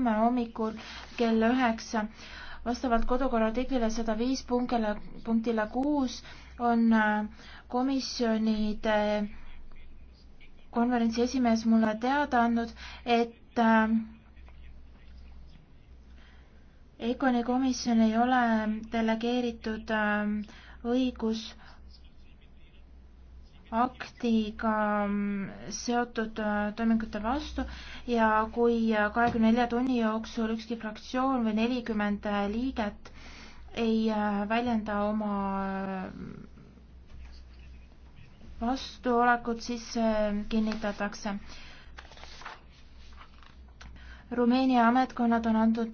homme hommikul kell üheksa. vastavalt kodukorra artiklile sada viis punktile, punktile kuus on äh, komisjonide konverentsi esimees mulle teada andnud, et äh, EKONi komisjon ei ole delegeeritud äh, õigus aktiga mm, seotud äh, toimingute vastu ja kui äh, kahekümne nelja tunni jooksul ükski fraktsioon või nelikümmend äh, liiget ei väljenda oma vastuolekut, siis kinnitatakse. Rumeenia ametkonnad on andnud